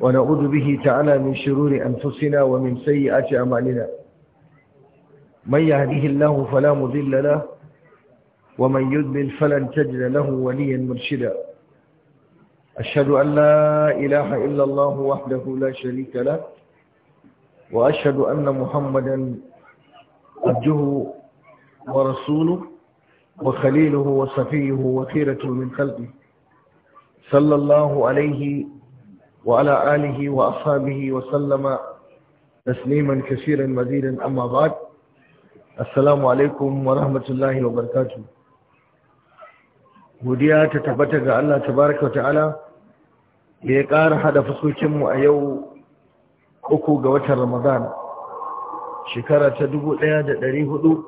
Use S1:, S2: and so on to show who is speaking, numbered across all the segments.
S1: ونعوذ به تعالى من شرور أنفسنا ومن سيئات أعمالنا من يهده الله فلا مضل له ومن يضلل فلن تجد له وليا مرشدا أشهد أن لا إله إلا الله وحده لا شريك له وأشهد أن محمدا عبده ورسوله وخليله وصفيه وخيرة من خلقه صلى الله عليه wa آله وأصحابه وسلم تسليما كثيرا مزيدا أما بعد السلام عليكم ورحمة الله وبركاته godiya ta tabbata ga Allah tabaraka wa ta'ala da ya ƙara hada fuskokinmu a yau uku ga watan Ramadan shekara ta dubu ɗaya da ɗari hudu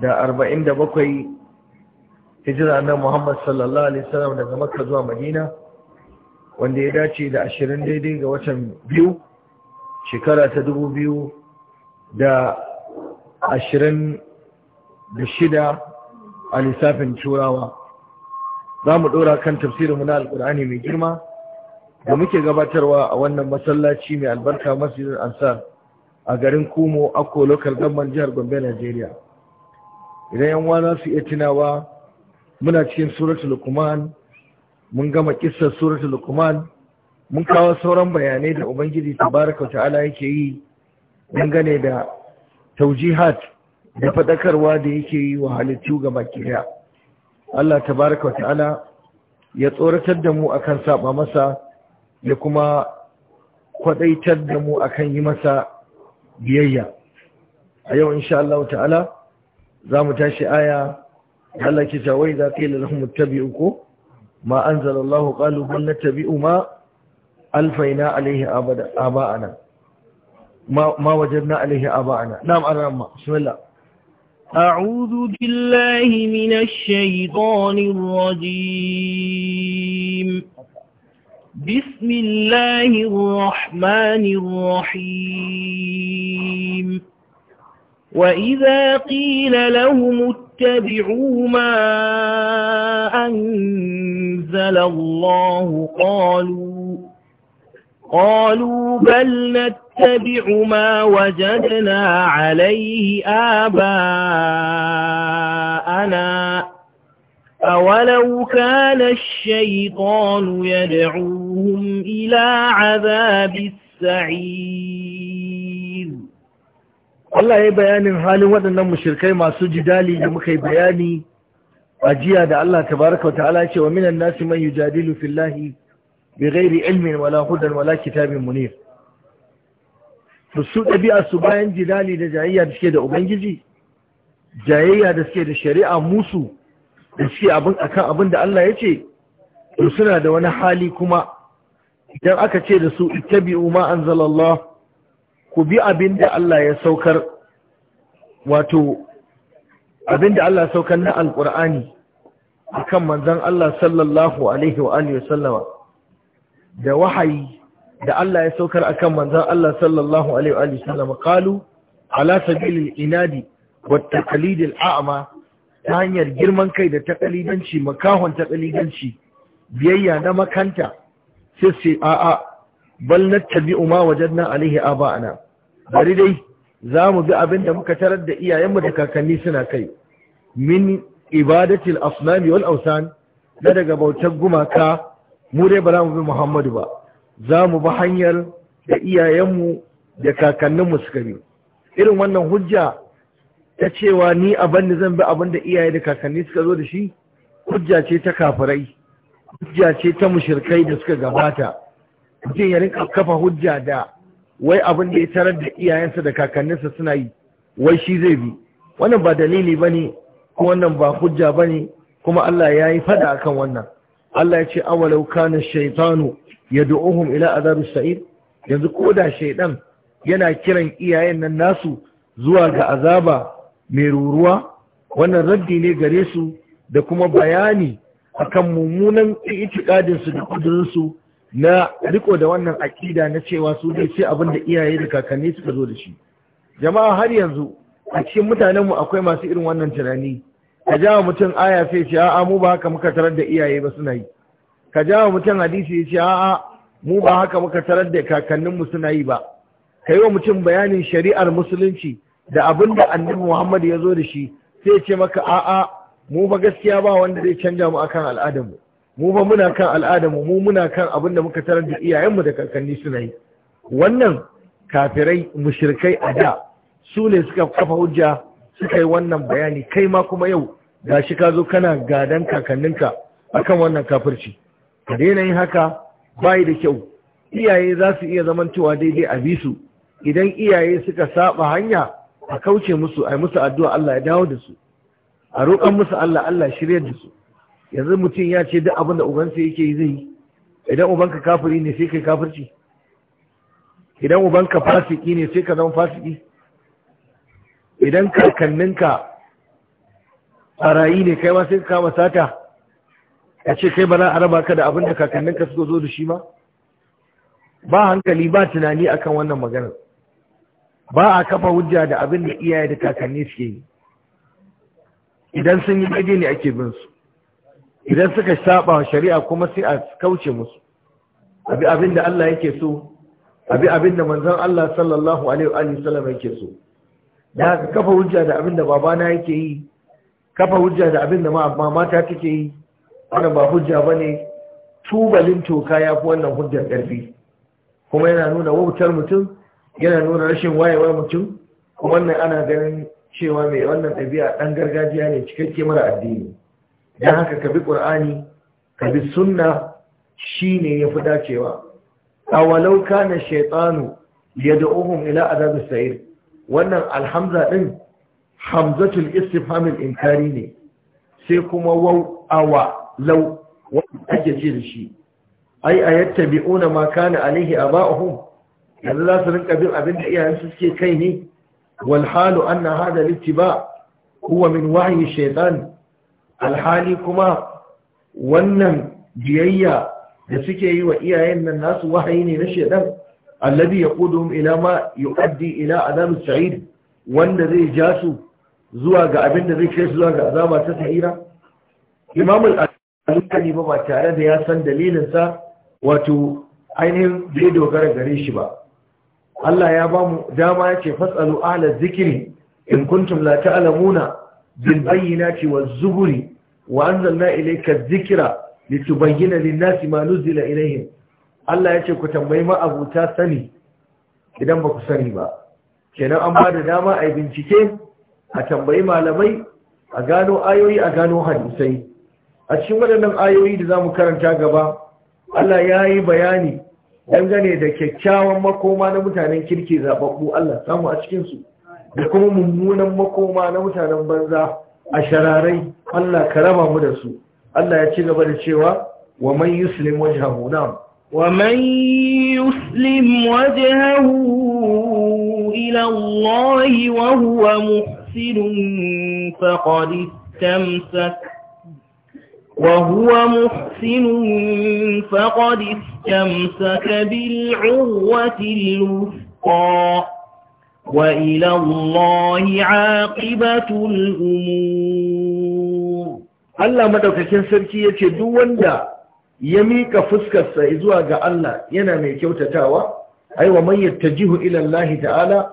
S1: da arba'in da bakwai hijira na Muhammad sallallahu Alaihi daga maka zuwa Madina wanda ya dace da ashirin daidai ga watan biyu shekara ta dubu biyu da ashirin da shida a lissafin turawa za mu ɗora kan tafsirinmu na alƙur'ani mai girma da muke gabatarwa a wannan masallaci mai albarka masjidin ansar a garin kumo akko local government jihar gombe nigeria idan yan wana su iya tunawa muna cikin suratul lukman mun gama kisar suratul luqman mun kawo sauran bayanai da ubangiji tabaraka ta'ala yake yi dangane da taujihat da fadakarwa da yake yi wa halittu ga makiya Allah tabaraka ta'ala ya tsoratar da mu akan saba masa ya kuma kwadaitar da mu akan yi masa biyayya a yau insha Allah ta'ala za mu tashi aya Allah ke ta wai za ka yi ta biyu ko ما أنزل الله قالوا بل نتبع ما ألفينا عليه آباءنا ما, ما وجدنا
S2: عليه آباءنا نعم أنا نعم بسم الله أعوذ بالله من الشيطان الرجيم بسم الله الرحمن الرحيم وإذا قيل لهم اتبعوا ما أنزل الله قالوا قالوا بل نتبع ما وجدنا عليه آباءنا أولو كان الشيطان يدعوهم إلى عذاب السعير
S1: Allah ya yi bayanin halin waɗannan mushirkai masu jidali da muka yi bayani a jiya da Allah tabaraka wa ta'ala ce wa minan nasi man yujadilu fillahi bi ghairi ilmin wala hudan wala kitabin munir su ɗabi'a su bayan jidali da jayayya da suke da ubangiji jayayya da suke da shari'a musu da suke abin akan abin da Allah ya ce to suna da wani hali kuma idan aka ce da su ittabi'u ma anzalallah ku bi abin da Allah ya saukar wato abin da Allah saukar na alƙur'ani a kan manzan Allah sallallahu Alaihi wa'aliyu da wahayi da Allah ya saukar a kan manzan Allah sallallahu Alaihi wa'aliyu ƙalu ala inadi wa kalidin a'ama ta hanyar girman kai da taƙalidanci makahon takalidanci, biyayya na makanta sai sai a'a bal na nattabi'u ma wajadna alaihi aba'ana bari dai za mu bi abin da muka tarar da iyayenmu da kakanni suna kai min ibadatil asnami wal awsan na daga bautar gumaka mu dai ba za mu bi Muhammadu ba za mu bi hanyar da iyayenmu da kakanninmu suka bi irin wannan hujja ta cewa ni abin da zan bi abin da iyaye da kakanni suka zo da shi hujja ce ta kafirai hujja ce ta mushirkai da suka gabata je ya rinka kafa hujja da wai abin da ya tarar da iyayensa da kakanninsa suna yi wai shi zai bi wannan ba dalili ba ne ko wannan ba hujja ba ne kuma Allah ya yi fada akan wannan Allah ya ce awalau kana shaitanu yad'uhum ila azabis sa'id yanzu ko da shaidan yana kiran iyayen nan nasu zuwa ga azaba mai ruruwa wannan raddi ne gare su da kuma bayani akan mummunan itikadin su da kudurinsu na riko da wannan akida na cewa su dai sai abin da iyaye da kakanni suka zo da shi jama'a har yanzu a cikin mutanenmu akwai masu irin wannan tunani ka jawo mutum aya sai ce a'a mu ba haka muka tarar da iyaye ba suna yi ka jawo mutum hadisi ya ce a'a mu ba haka muka tarar da kakanninmu suna yi ba ka yi wa mutum bayanin shari'ar musulunci da abin da annabi muhammad ya zo da shi sai ce maka a'a mu ba gaskiya ba wanda zai canja mu akan al'adarmu mu ba muna kan al'adamu mu muna kan abin da muka tarar da iyayenmu da kakanni suna yi wannan kafirai mushrikai a da su ne suka kafa hujja suka yi wannan bayani kai ma kuma yau shi ka zo kana gadan kakanninka akan wannan kafirci ka daina yin haka bayi da kyau iyaye za su iya zamantowa daidai a bisu idan iyaye suka saba hanya a kauce musu a musu addu'a Allah ya dawo da su a roƙon musu Allah Allah shirya da su yanzu mutum ya ce duk abin da ubansa yake yi zai yi idan ubanka kafiri ne sai kai kafirci idan ubanka fasiki ne sai ka zama fasiki idan kakanninka barayi ne kai ma sai ka kama sata ya ce kai ba za a raba ka da abin da kakanninka suka zo da shi ma ba hankali ba tunani akan wannan maganar ba a kafa hujja da abin da iyaye da kakanni suke yi idan sun yi gaje ne ake bin su idan suka saba shari'a kuma sai a kauce musu abi abin da Allah yake so abi abin da manzon Allah sallallahu alaihi wa sallam yake so da haka kafa hujja da abin da babana yake yi kafa hujja da abin da ta take yi wannan ba hujja bane tubalin toka ya fi wannan hujjar karfi kuma yana nuna wautar mutum yana nuna rashin wayewar mutum kuma wannan ana ganin cewa mai wannan ɗabi'a ɗan gargajiya ne cikakke mara addini don haka ka bi ƙur'ani ka bi sunna shi ne ya fi dacewa a walauka na shaitanu ya ohun ila azabi sa'ir wannan alhamza din hamzatul istifhamil inkari ne sai kuma waw awa law wanda ake ce da shi ai ayattabi'una ma kana alaihi aba'uhum yanzu za su rinka bin abin da iyayensu suke kai ne Walhalu an anna hada littiba huwa min wahyi shaitanu. alhali kuma wannan biyayya da suke yi wa iyayen nan nasu wahayi ne na shedan alladhi yaquduhum ila ma yuaddi ila adam sa'id wanda zai ja su zuwa ga abin da zai kai zuwa ga azaba ta sa'ira imam al ba ba tare da ya san dalilin sa wato ainihin bai dogara gare shi ba Allah ya ba mu dama ya ce fasalu ahla zikiri in kuntum la ta'lamuna بالبينات والزبر وأنزلنا إليك الذكرى لتبين للناس ما نزل إليهم Allah ya ce ku tambayi ma'abuta sani idan ba ku sani ba kenan an ba da dama a bincike a tambayi malamai a gano ayoyi a gano hadisai a cikin waɗannan ayoyi da za mu karanta gaba Allah ya yi bayani dangane da kyakkyawan makoma na mutanen kirki zaɓaɓɓu Allah samu a cikinsu da kuma mummunan makoma na mutanen banza a shararai Allah ka raba mu da su Allah ya ci gaba da cewa wa man yuslim wajhahu na'am
S2: wa man yuslim wajhahu ila Allah wa huwa muhsin faqad istamsaka وهو محسن فقد استمسك بالعروة الوثقى وإلى الله عاقبة الأمور Allah madaukakin sarki yace duk wanda
S1: ya mika
S2: fuskarsa zuwa ga
S1: Allah yana mai kyautatawa aiwa man yattajihu ila Allah ta'ala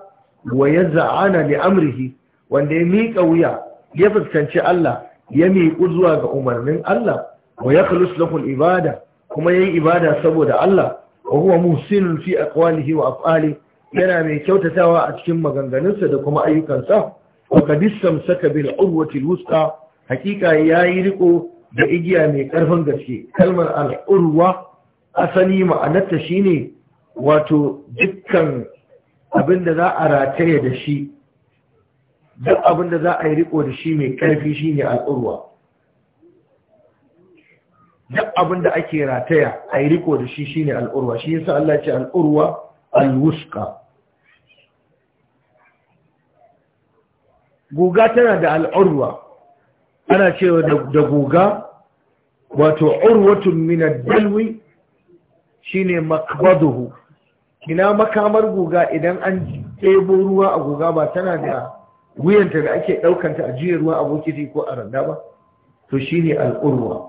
S1: wa yaz'ana li amrihi wanda ya mika wuya ya fuskanci Allah ya miƙu zuwa ga umarnin Allah wa yakhlus lahu al-ibada kuma yayi ibada saboda Allah wa huwa muhsinun fi aqwalihi wa af'alihi yana mai kyautatawa a cikin maganganunsa da kuma ayyukansa wa kadissam saka bil urwati lusta hakika yayi riko da igiya mai karfin gaske kalmar al urwa asali ma'anarta shine wato dukkan abin da za a rataye da shi duk abin da za a yi riko da shi mai karfi shine al urwa duk abin da ake rataya ayi yi riko da shi shine al urwa shi yasa Allah ya ce al urwa al wusqa guga tana da al'urwa ana cewa da guga wato urwatun minar dalwi shine makbaduhu ina makamar guga idan an ɗebo ruwa a guga ba tana da wuyanta da ake ɗaukanta a jiya ruwa a bokiti ko a randa ba to shine al'urwa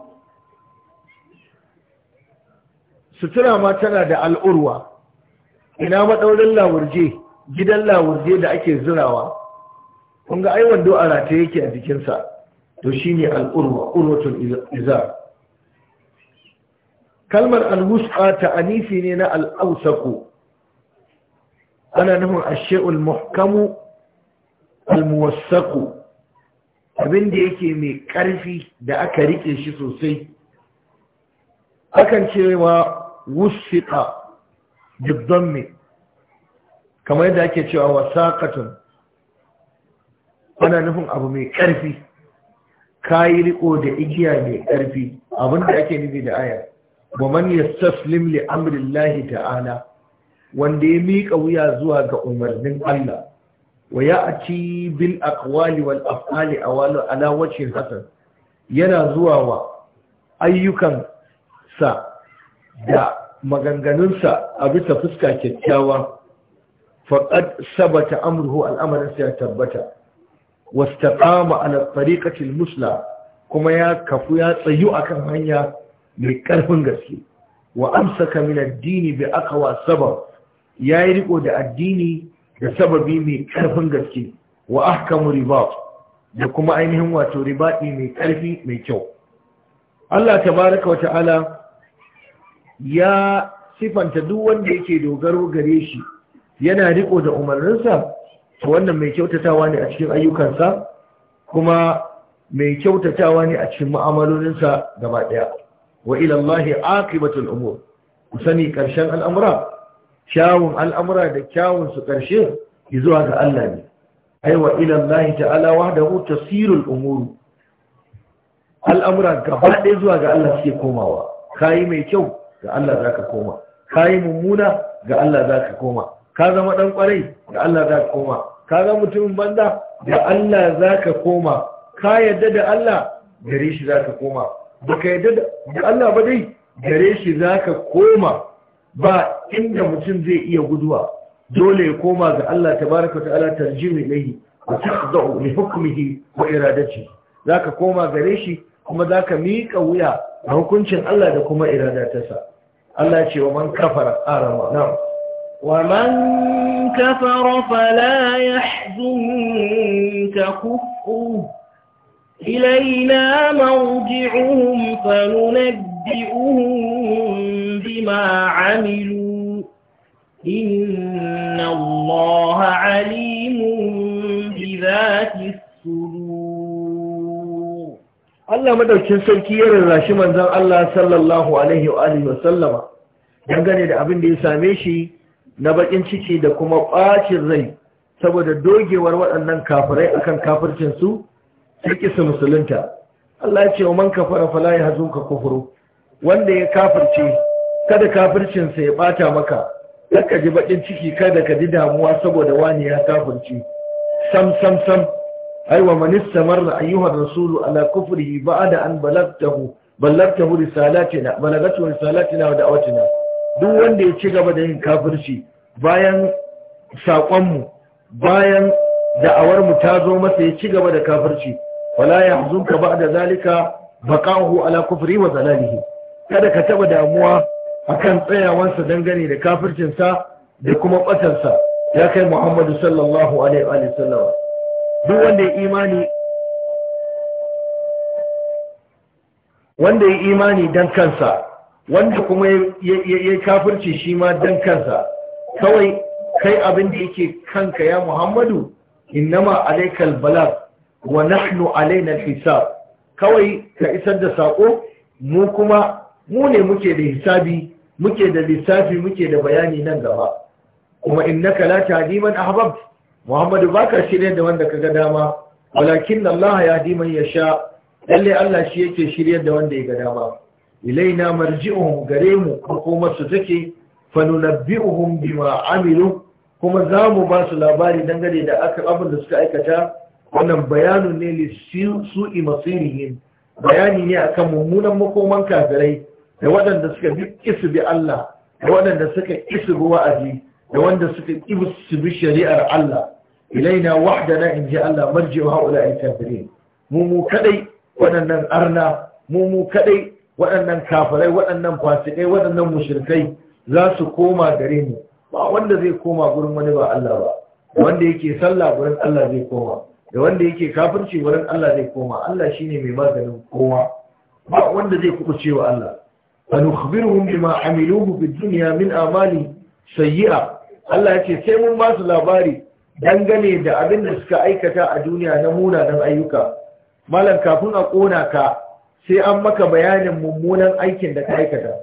S1: sutura ma tana da al'urwa ina maɗaurin lawurje gidan lawurje da ake zurawa kun ga ai wando a yake a jikinsa to shine al'urwa urwatul iza. kalmar al ta anisi ne na al'ausaku. ana nufin ash-shay'ul muhkamu al abin da yake mai ƙarfi da aka riƙe shi sosai akan cewa wusqa bidhammi kamar yadda ake cewa wasaqatun ana nufin abu mai ƙarfi ka yi riko da igiya mai ƙarfi abin da ake nufi da aya ba man saslim li amrillahi ta'ala wanda ya miƙa wuya zuwa ga umarnin Allah wa ya ci bil aqwali wal af'ali a ala wajhi hasan yana zuwa wa ayyukan sa da maganganunsa a bisa fuska kyakkyawa faqad sabata amruhu al'amarin sa ya tabbata wastaqama ala tariqati musla kuma ya kafu ya tsayu akan hanya mai karfin gaske wa amsaka min ad-dini bi aqwa sabab yayi riko da addini da sababi mai karfin gaske wa ahkamu ribat da kuma ainihin wato ribadi mai karfi mai kyau Allah tabaraka wa ta'ala ya sifanta duk wanda yake dogaro gare shi yana riko da umarninsa wannan mai kyautatawa ne a cikin ayyukansa kuma mai kyautatawa ne a cikin mu'amalolinsa gaba daya wa ilallahi aqibatul umur ku sani karshen al'amura kyawun al'amura da kyawun su karshe zuwa ga Allah ne ai wa ilallahi ta'ala wahdahu tasirul umur al'amura gaba daya zuwa ga Allah suke komawa kai mai kyau ga Allah zaka koma kai mummuna ga Allah zaka koma ka zama ɗan ƙwarai da Allah za ka koma ka zama mutumin banza da Allah za ka koma ka yadda da Allah gare shi za ka koma ba ka yadda da Allah ba dai gare shi za ka koma ba inda mutum zai iya guduwa dole ya koma ga Allah tabaraka wa ta'ala tarjimi ilayhi wa tahda'u li hukmihi wa Za ka koma gare shi kuma za ka miƙa wuya a hukuncin Allah da kuma iradatarsa Allah ya ce wa
S2: man kafara arama na'am ومن كفر فلا يحزنك كفره إلينا مرجعهم فننبئهم بما عملوا إن الله عليم بذات الصدور
S1: الله مدوكين سلكي يرى من ذا الله صلى الله عليه وآله وسلم dangane da abin da ya same shi na bakin ciki da kuma ɓacin rai saboda dogewar waɗannan kafirai akan kafircinsu? su sai kisa musulunta Allah ya ce wa man kafara fala ya hazo ka kufuru wanda ya kafirce kada kafircinsa ya ɓata maka ka ji bakin ciki kada ka ji damuwa saboda wani ya kafirce sam sam sam aiwa manista marar ayyuhar rasulu ala ba da an balagtahu balagtahu risalatina balagatu risalatina wa da'awatina duk wanda ya ci gaba da yin kafirci bayan saƙonmu bayan da'awarmu ta zo masa ya ci gaba da kafirci wala ya zunka ba da zalika baƙahu ala kufri wa zalalihi kada ka taɓa damuwa a kan tsayawansa dangane da kafircinsa da kuma ɓatarsa ya kai muhammadu sallallahu alaihi wa sallama duk wanda ya imani wanda ya imani don kansa wanda kuma ya kafirci shi ma dan kansa kawai kai abin da yake kanka ya muhammadu innama alaikal balag wa nahnu alaina hisab kawai ka isar da sako mu kuma mu ne muke da hisabi muke da lissafi muke da bayani nan gaba kuma innaka la tahdi man ahbabta muhammadu baka shirya da wanda ga dama walakin Allah ya man yasha lalle Allah shi yake shirye da wanda ya ga dama ilaina marji'uhum gare mu makomar take fanunabbi'uhum bima amilu kuma za mu ba su labari dangane da aka abin da suka aikata wannan bayanin ne li su'i masirihim bayani ne akan mummunan makoman kafirai da waɗanda suka bi isu bi Allah da waɗanda suka isu bi wa'azi da wanda suka su bi shari'ar Allah ilaina wahdana in ji Allah marji'u haula kafirin mu mu kadai waɗannan arna mu mu kadai waɗannan kafirai waɗannan fasikai waɗannan mushirkai za su koma gare ni ba wanda zai koma gurin wani ba Allah ba da wanda yake sallah gurin Allah zai koma da wanda yake kafirci gurin Allah zai koma Allah shine mai maganin kowa ba wanda zai kubuce wa Allah fa nukhbiruhum bima amiluhu fid dunya min amali sayyi'a Allah yace sai mun ba su labari dangane da abin da suka aikata a duniya na muna dan ayyuka malam kafin a kona ka sai an maka bayanin mummunan aikin da ka aikata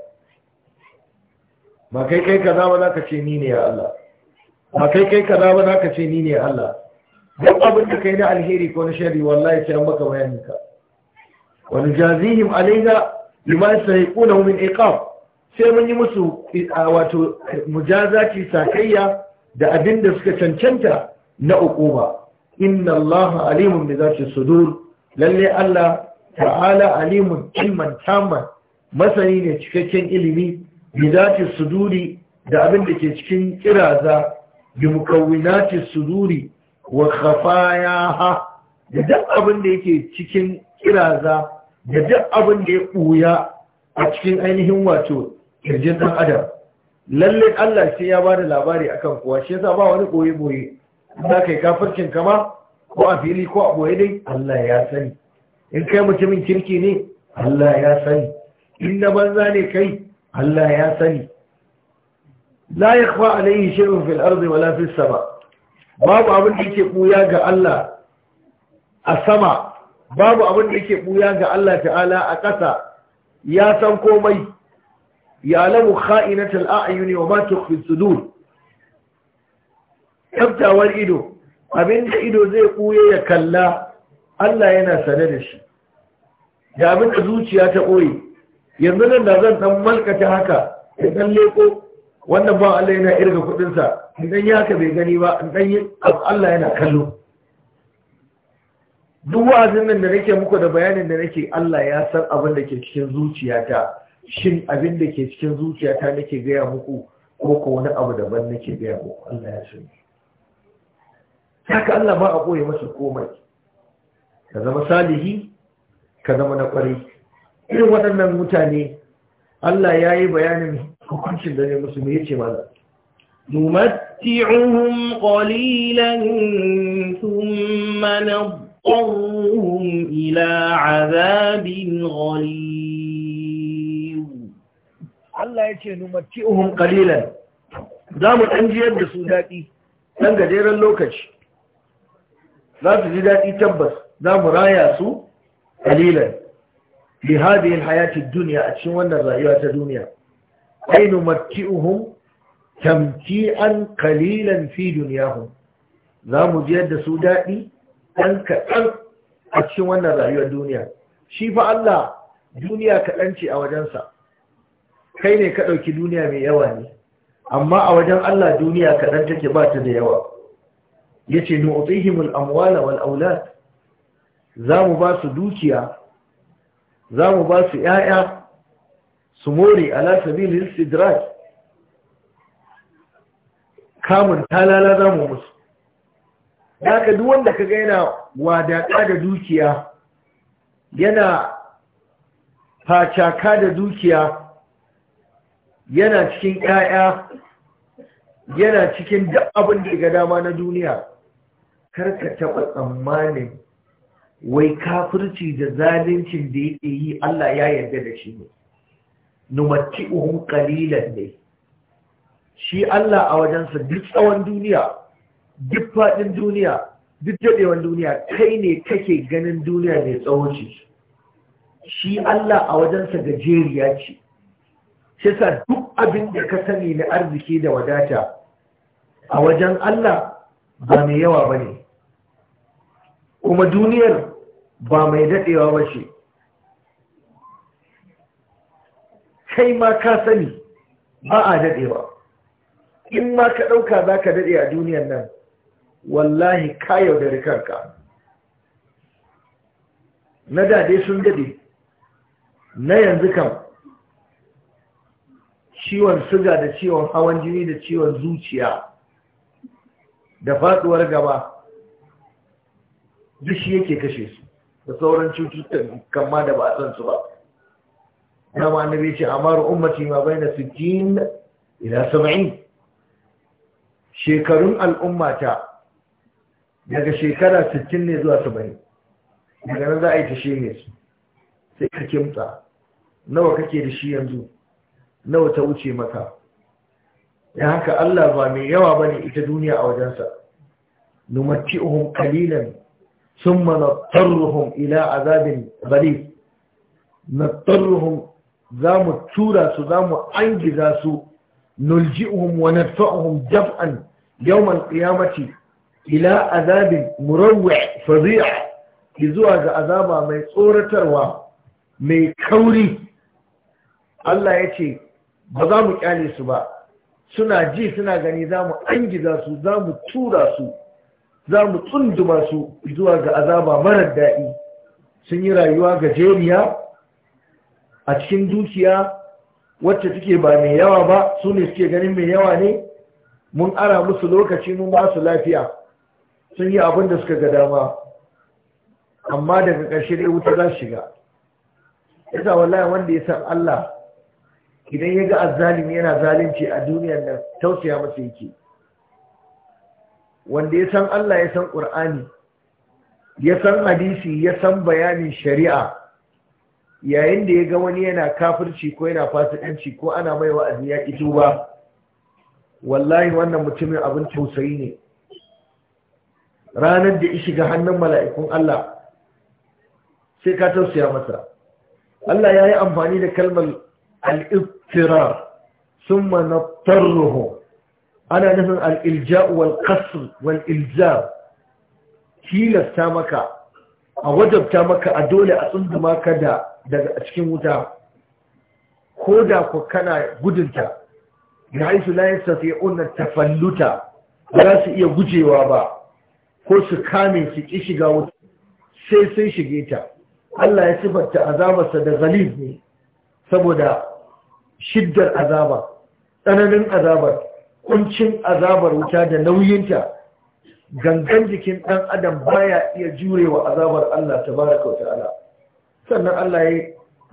S1: ba kai kai kaza ba za ka ce ni ne ya Allah ba kai kai kaza ba za ka ce ni ne ya Allah duk abin da kai na alheri ko na shari wallahi sai an maka bayanin ka wani jazihim alaiha lima yastahiquna min iqab sai mun yi musu wato mujazati sakayya da abin da suka cancanta na uquba inna allaha alimun bi zati sudur lalle Allah ta'ala alimun ilman tamman masani ne cikakken ilimi bi zati suduri da abin da ke cikin kiraza bi mukawwinati suduri wa khafayaha da duk abin da yake cikin kiraza da duk abin da ya buya a cikin ainihin wato kirjin ɗan adam lalle Allah sai ya ba da labari akan kuwa shi yasa ba wani ɓoye-ɓoye za ka yi kafircin kama ko a fili ko a boye dai Allah ya sani in kai mutumin kirki ne Allah ya sani in na banza ne kai Allah ya sani la yakhfa alayhi shay'un fil ardi wala fis sama babu abin da yake buya ga Allah a sama babu abin da yake buya ga Allah ta'ala a ƙasa ya san komai ya lamu kha'inatul a'yuni wa ma tukhfi sudur tabtawar ido abin da ido zai buye ya kalla Allah yana sane da shi da abin da zuciya ta ɓoye yanzu nan da zan ɗan malkata haka da ɗan leko wannan ba Allah yana irga kuɗinsa idan ya haka bai gani ba ɗan yi Allah yana kallo duk wa'azin nan da nake muku da bayanin da nake Allah ya san abin da ke cikin zuciyata shin abin da ke cikin zuciyata nake gaya muku ko ko wani abu daban nake gaya muku Allah ya san haka Allah ba a ɓoye masa komai ka zama salihi ka zama na ƙwarai irin waɗannan mutane Allah ya yi bayanin hukuncin da ne musu ya ce mana
S2: نمتعهم قليلا ثم ila azabin عذاب Allah الله يتي نمتعهم qalilan. za mu ɗan jiyar da su daɗi ɗan gajeren lokaci
S1: za su ji daɗi tabbas za mu raya su ƙalilan bi hadhihi alhayati duniya a cikin wannan rayuwa ta duniya ainu matti'uhum an ƙalilan fi dunyahum za mu ji yadda su daɗi ɗan kaɗan a cikin wannan rayuwar duniya shi fa Allah duniya kaɗan ce a wajensa kai ne ka ɗauki duniya mai yawa ne amma a wajen Allah duniya kaɗan take ba ta da yawa ya ce nu'utihimul amwala wal aulad za mu ba su dukiya za mu ba su ‘ya'ya su more alasabin istidrak kamun talala za mu musu da ka duk wanda ka gaina wadaƙa da dukiya yana facaka da dukiya yana cikin ‘ya'ya yana cikin duk abin da ga dama na duniya karka taɓa tsammanin wai kafirci da zalincin da yake yi Allah ya yarda da shi ne numarci uhun kalilan ne shi Allah a wajensa duk tsawon duniya duk faɗin duniya duk daɗewan duniya kai ne kake ganin duniya mai tsawo shi Allah a wajensa gajeriya ce shi sa duk abin da ka sani na arziki da wadata a wajen Allah ba mai yawa ba ne kuma duniyar ba mai daɗewa ba ce kai ma ka sani ba a daɗewa in ma ka ɗauka za ka daɗe a duniyan nan wallahi ka yaudari kanka na daɗe sun daɗe na yanzu kan ciwon suga da ciwon hawan jini da ciwon zuciya da faɗuwar gaba duk shi yake kashe su da sauran cututtukan kamma da ba a san su ba na ma annabi ce amaru ummati ma baina sittin? ila 70 shekarun al'ummata daga shekara 60 ne zuwa 70 daga nan za a yi ta shehe su sai ka kimta nawa kake da shi yanzu nawa ta wuce maka Ya haka Allah ba mai yawa bane ita duniya a wajensa numati'uhum qalilan ثم نضطرهم إلى عذاب غليظ نضطرهم زام تورا سزام أنجزا سو نلجئهم وندفعهم جفعا يوم القيامة إلى عذاب مروع فظيع إذوا عذابا من صورة روا من كوري الله يتي بضامك آلي سبا suna ji suna gani za mu an su za mu tura su za mu tsunduma su zuwa ga azaba marar daɗi sun yi rayuwa ga jeriya a cikin dukiya wacce suke ba mai yawa ba su ne suke ganin mai yawa ne mun ara musu lokaci mun ba su lafiya sun yi abin da suka ga dama amma daga ƙarshe dai wuta za shiga yasa wallahi wanda ya san Allah idan ya ga azzalimi yana zalunci a duniyar nan tausaya masa yake wanda ya san Allah ya san ƙur'ani ya san hadisi ya san bayanin shari'a yayin da ya ga wani yana kafirci ko yana fasikanci ko ana mai wa'azi ya ƙi tuba wallahi wannan mutumin abin tausayi ne ranar da ya shiga hannun mala'ikun Allah sai ka tausaya masa Allah ya yi amfani da kalmar al'iftirar sun manattarruhu ana nufin al'ilja wal kasr wal tilasta maka a wajabta maka a dole a tsunduma ka daga cikin wuta ko da ku kana gudunta ya haisu la yastati'una tafalluta ba za su iya gujewa ba ko su kame su ƙi shiga wuta sai sun shige ta Allah ya sifatta azabarsa da zalib ne saboda shiddar azabar tsananin azabar kuncin azabar wuta da nauyinta gangan jikin ɗan adam baya iya jurewa azabar Allah tabaraka wa ta'ala sannan Allah ya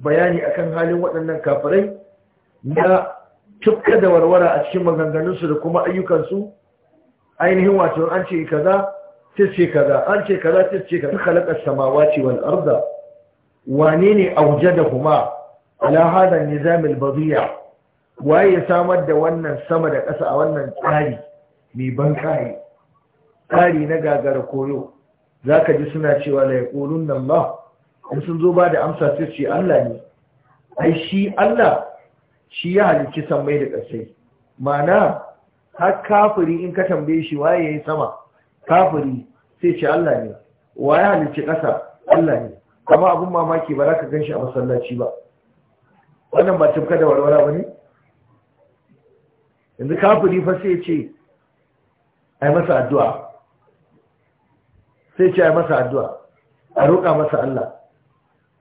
S1: bayani akan halin waɗannan kafirai na tukka da warwara a cikin maganganunsu da kuma ayyukansu ainihin wato an ce kaza tace kaza an ce kaza tace kaza khalaqa samawati wal arda wane ne aujadahuma ala hada nizam al badiya waye ya samar da wannan sama da ƙasa a wannan tsari mai ban kayi tsari na gagara koyo za ka ji suna cewa ƙorun nan ba? in sun zo ba da amsa sai ce Allah ne ai shi Allah shi ya halicci sammai da ƙasai Mana har kafiri in ka tambaye shi waye ya yi sama kafiri sai ce Allah ne waye halicci ƙasa Allah ne amma abin mamaki ba za ka gan shi a masallaci ba wannan ba tafka da walwala ba ne yanzu kafiri fa sai ce ai masa addu'a sai ce ai masa addu'a a roƙa masa Allah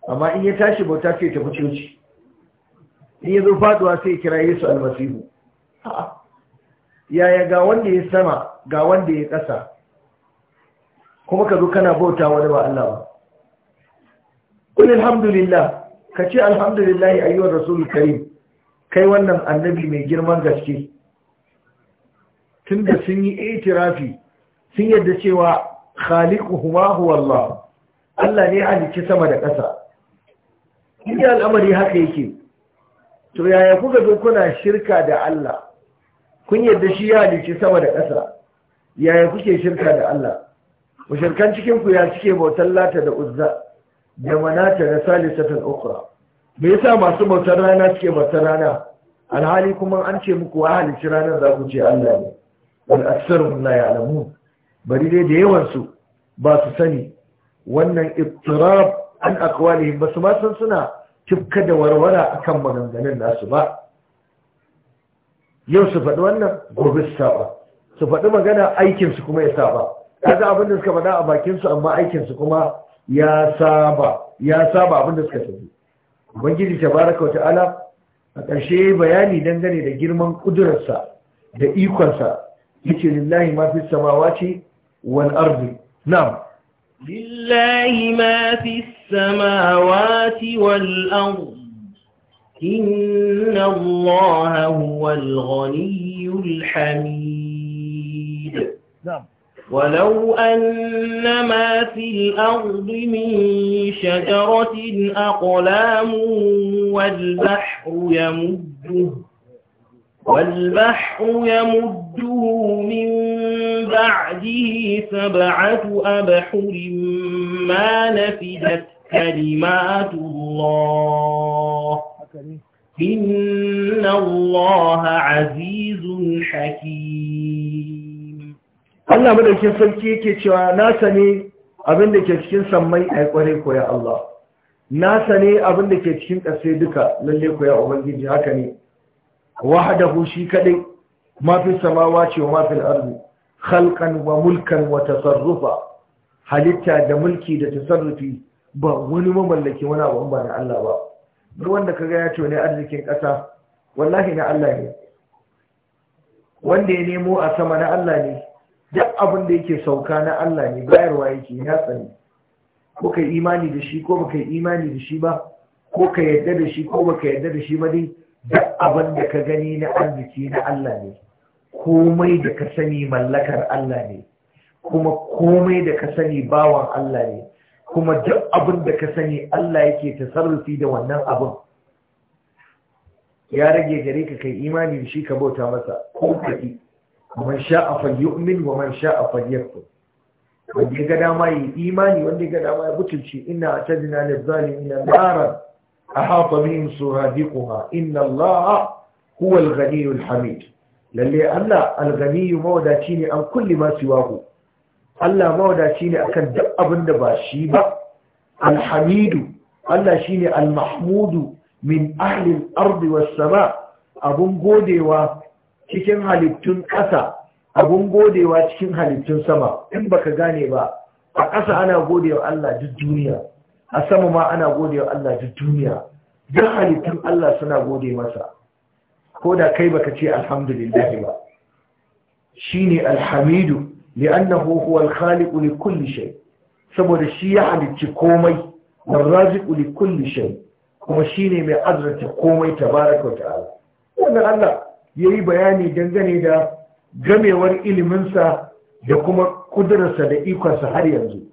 S1: amma in ya tashi bauta sai ta coci in ya zo faduwa sai ya kira Yesu almasihu yaya ga wanda ya sama ga wanda ya ƙasa kuma ka zo kana bauta wani ba Allah ba kun alhamdulillah ka ce alhamdulillah ayyuwar Rasulul karim kai wannan annabi mai girman gaske tun da sun yi itirafi sun yadda cewa khaliku huwa Allah Allah ne halicci sama da ƙasa ya al'amari haka yake to yaya kuka zo kuna shirka da Allah kun yadda shi ya halicci sama da ƙasa yaya kuke shirka da Allah shirkan cikin ku ya cike bautar lata da uzza da manata da salisatan ukra me yasa masu bautar rana suke bautar rana alhali kuma an ce muku wa halicci ranar za ku ce Allah ne bal aktsaruhum la ya'lamun bari dai da yawan su ba su sani wannan ittirab an ba basu ma san suna tifka da warwara akan maganganun nasu ba yau su faɗi wannan gobe su saba su faɗi magana aikinsu kuma ya saba kaga abin da suka faɗa a bakin su amma aikinsu kuma ya saba ya saba abin da suka tafi ubangiji tabaraka wa ta'ala a ƙarshe bayani dangane da girman ƙudurarsa da ikonsa ذكر لله ما في السماوات والأرض
S2: نعم لله ما في السماوات والأرض إن الله هو الغني الحميد نعم ولو أن ما في الأرض من شجرة أقلام والبحر يمده والبحر يمده من بعده سبعة أبحر ما نفدت كلمات الله إن الله عزيز حكيم Allah madaukin
S1: sarki ke cewa na sani abin da ke cikin sammai a kware ko Allah na sani abin da ke cikin ƙasai duka lalle ko ubangiji haka ne wahdahu shi kaɗai! ma fi ce wa mafin fil halkan wa mulkan wa tasarrufa halitta da mulki da tasarrufi ba wani mamallaki wani abu ba na Allah ba duk wanda ga ya tone arzikin kasa wallahi na Allah ne wanda ya nemo a sama na Allah ne duk abin da yake sauka na Allah ne bayarwa yake ya tsani ko kai imani da shi ko baka imani da shi ba ko ka yadda da shi ko baka yadda da shi ba dai duk abin da ka gani na arziki na Allah ne komai da ka sani mallakar Allah ne kuma komai da ka sani bawan Allah ne kuma duk abin da ka sani Allah yake tasarrufi da wannan abin ya rage gare ka kai imani da shi ka bauta masa ko kaɗi man sha a fayyo min, wa man sha'a ku. wanda ya gada ma yi imani wanda ya ga dama ya butulci ina tajina zalimi na naran ahata bihim suradiquha inna allaha huwa al-ghani al Allah al mawadaci ne an kulli masu siwahu Allah mawadaci ne akan duk abin da ba shi ba Alhamidu hamidu Allah shine al-mahmudu min ahli al-ard sama abun godewa cikin halittun ƙasa abun godewa cikin halittun sama in baka gane ba a ƙasa ana godewa Allah duk duniya a sama ma ana gode wa Allah duk duniya duk halittun Allah suna gode masa ko da kai baka ce alhamdulillah ba ne alhamidu li'annahu huwa al li kulli shay saboda shi ya halicci komai ar li kulli shay kuma shi ne mai azurta komai tabaraka ta'ala wannan Allah yayi bayani dangane da gamewar iliminsa da kuma kudurarsa da ikonsa har yanzu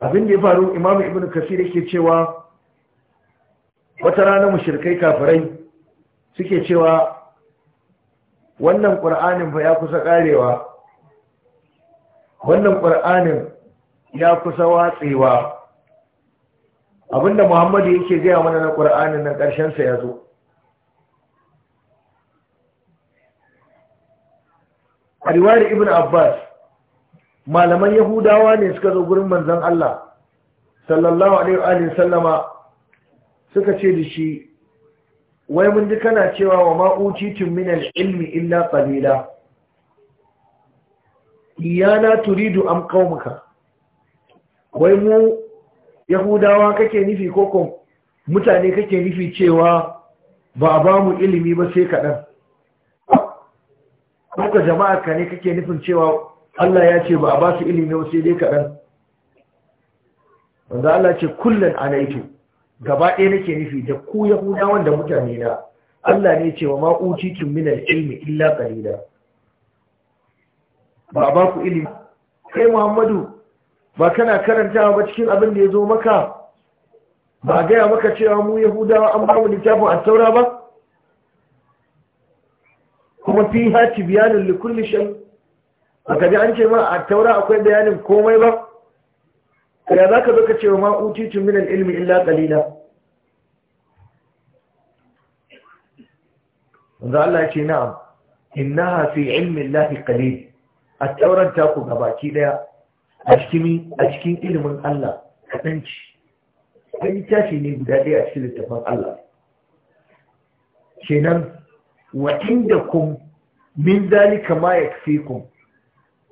S1: abin da ya faru imamu ibn kasir yake cewa wata rana mushrikai kafirai suke cewa wannan ƙur'anin fa ya kusa ƙarewa wannan ƙur'anin ya kusa watsewa abinda muhammadu yake gaya mana na ƙur'anin na ƙarshensa ya zo a riwayar ibn abbas malaman yahudawa ne suka zo gurin manzon Allah sallallahu alaihi wa sallama suka ce da shi wai mun ji kana cewa wa ma'utitun min al-ilmi illa qalila iyana turidu am qaumuka wai mu yahudawa kake nufi ko mutane kake nufi cewa ba a ba mu ilimi ba sai kaɗan. Kuka jama'a ka ne kake nufin cewa Allah ya ce ba a ba su ilimi sai dai kaɗan wanda Allah ce kullum a alaitu gaba ɗaya nake nufi da ku yahudawan da mutane na Allah ne ce wa ma'utitun mina ilmi illa ƙalila. ba a ba ku ilimi kai Muhammadu ba kana karantawa ba cikin abin da ya zo maka ba gaya maka cewa mu yahudawa an mu littafin a saura ba kuma fi hati biyanin likulli shan baka ji an ce ma a taura akwai bayanin komai ba ya za ka zo ka ce wa ma'utitu ilmi illa ƙalila? wanda Allah ya ce na'am innaha fi ilmi Allahi qalil a tauran ta ku baki daya a cikin a cikin ilimin Allah kaɗanci, ci sai tashi ne guda ɗaya a cikin littafin Allah kenan wa inda kun min zalika ma kun.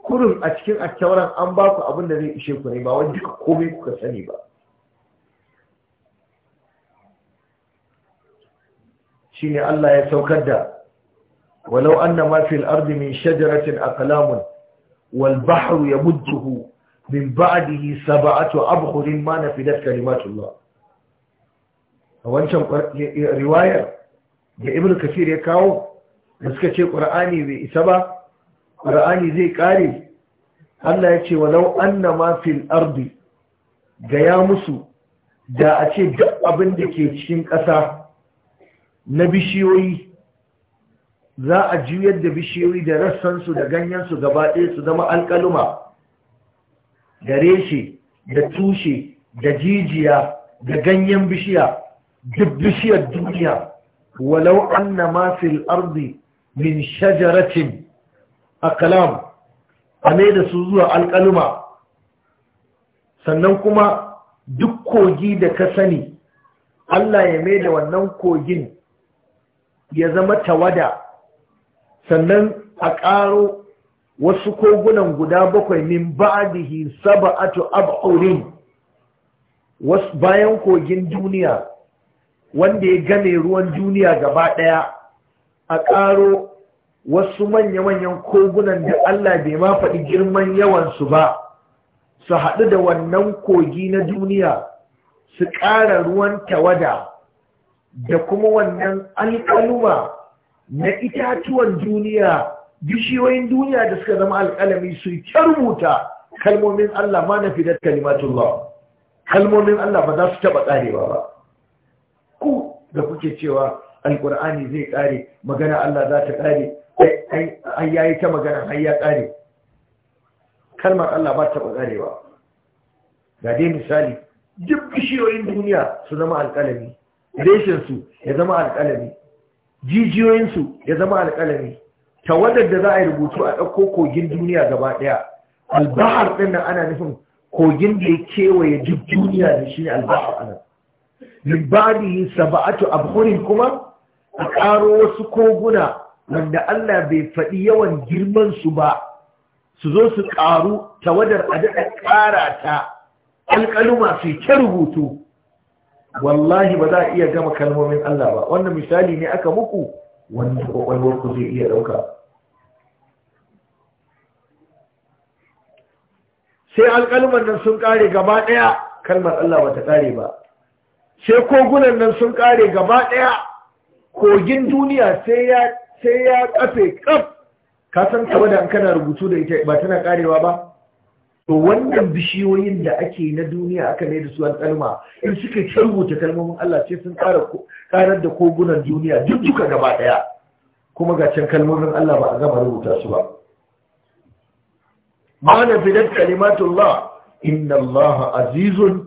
S1: kurin a cikin attauran an ba ku abin da zai ishe ku ne ba wani duka komai kuka sani ba shine Allah ya saukar da walau an na mafi ardi min shajaratin akalamun, wal ya mutuhu min ba'dihi abu abhurin ma na nafidat kalimatullah a wancan riwayar da ibnu kasir ya kawo da suka ce qur'ani bai isa ba Al-Qur'ani zai ƙare Allah ya ce walau anna ma fil ardi gaya musu da a ce duk abin da ke cikin ƙasa na bishiyoyi za a juyar da bishiyoyi da rassansu da ganyensu gaba ɗaya su zama alƙaluma da reshe da tushe da jijiya da ganyen bishiya duk bishiyar duniya walau anna ma fil ardi min shajaratin A kalam, a mai da su zuwa alƙaluma sannan kuma duk kogi da ka sani Allah ya mai da wannan kogin ya zama tawada sannan a ƙaro wasu kogunan guda bakwai min ba'dihi sab'atu ab'urin wasu bayan kogin duniya wanda ya gane ruwan duniya gaba ɗaya a ƙaro wasu manya-manyan kogunan da Allah bai ma faɗi girman yawansu ba su haɗu da wannan kogi na duniya su ƙara ruwan tawada da kuma wannan alƙaluma na itatuwan duniya bishiyoyin duniya da suka zama alƙalami su yi rubuta kalmomin Allah ma na fidar kalimatullah kalmomin Allah ba za su taɓa ƙarewa ba ku da kuke cewa alƙur'ani zai ƙare magana Allah za ta ƙare ya yayi ta magana har ya ƙare kalmar Allah ba ta ƙarewa. ga dai misali duk bishiyoyin duniya su zama alƙalami reshensu ya zama alƙalami jijiyoyinsu ya zama alƙalami tawadar da za a yi rubutu a ɗauko kogin duniya gaba ɗaya albahar ɗin nan ana nufin kogin da ya kewaye duk duniya da shi ne albahar ana libari saba'atu abhurin kuma a ƙaro wasu koguna wanda Allah bai faɗi yawan girman su ba su zo su ƙaru tawadar a daɗa ƙara ta alƙaluma su ta rubutu wallahi ba za a iya gama kalmomin Allah ba wannan misali ne aka muku wanda ku zai iya ɗauka sai alƙalman nan sun ƙare gaba ɗaya kalmar Allah ba ta ƙare ba sai kogunan nan sun ƙare gaba ɗaya kogin duniya sai ya sai ya kafe kaf ka san kaba da kana rubutu da ita ba tana karewa ba to wannan bishiyoyin da ake na duniya aka ne da su kalma, in suka ci rubuta kalmomin Allah sai sun karar da kogunan duniya duk duka gaba ɗaya kuma ga can kalmomin Allah ba a gama rubuta su ba ma'ana fidat kalimatullah inna Allah azizun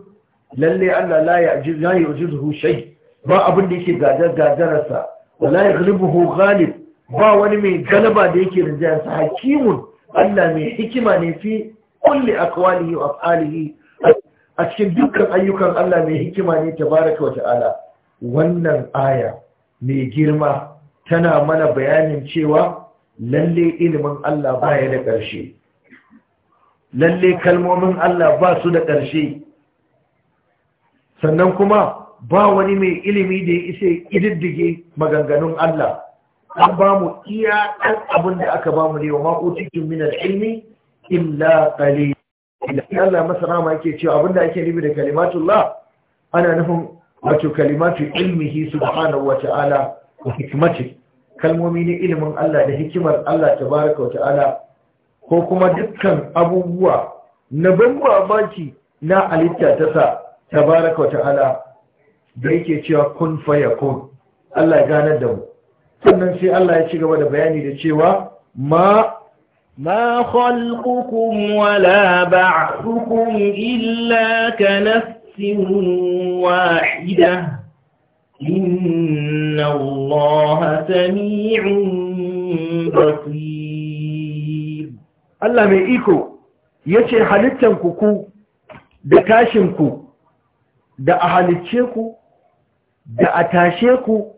S1: lalle Allah la ya'jizu la shay ba abin da yake gadararsa wala yaghlibuhu ghalib ba wani mai galaba da yake rinjayar sa hakimun Allah mai hikima ne fi kulli akwalihi wa af'alihi a cikin dukkan ayyukan Allah mai hikima ne ta tabaraka wa ta'ala wannan aya mai girma tana mana bayanin cewa lalle ilimin Allah baya da ƙarshe lalle kalmomin Allah ba su da ƙarshe sannan kuma ba wani mai ilimi da ya isa ƙididdige maganganun Allah an ba mu iya ɗan abin da aka ba mu ne wa ma'utitun min ilmi illa qalil Allah masana ma yake cewa abin da ake nufi da kalimatullah ana nufin wato kalimatu ilmihi subhanahu wa ta'ala wa hikmati kalmomi ne ilimin Allah da hikimar Allah tabaraka wa ta'ala ko kuma dukkan abubuwa na ban mamaki na alitta ta sa tabaraka wa ta'ala da yake cewa kun fayakun Allah ya ganar da mu sannan sai Allah ya ci gaba da bayani da cewa
S2: ma ما خلقكم ولا بعثكم إلا كنفس واحدة إن الله سميع basir!» Allah mai iko yace halittanku
S1: ku da tashinku da a halicce ku da a tashe ku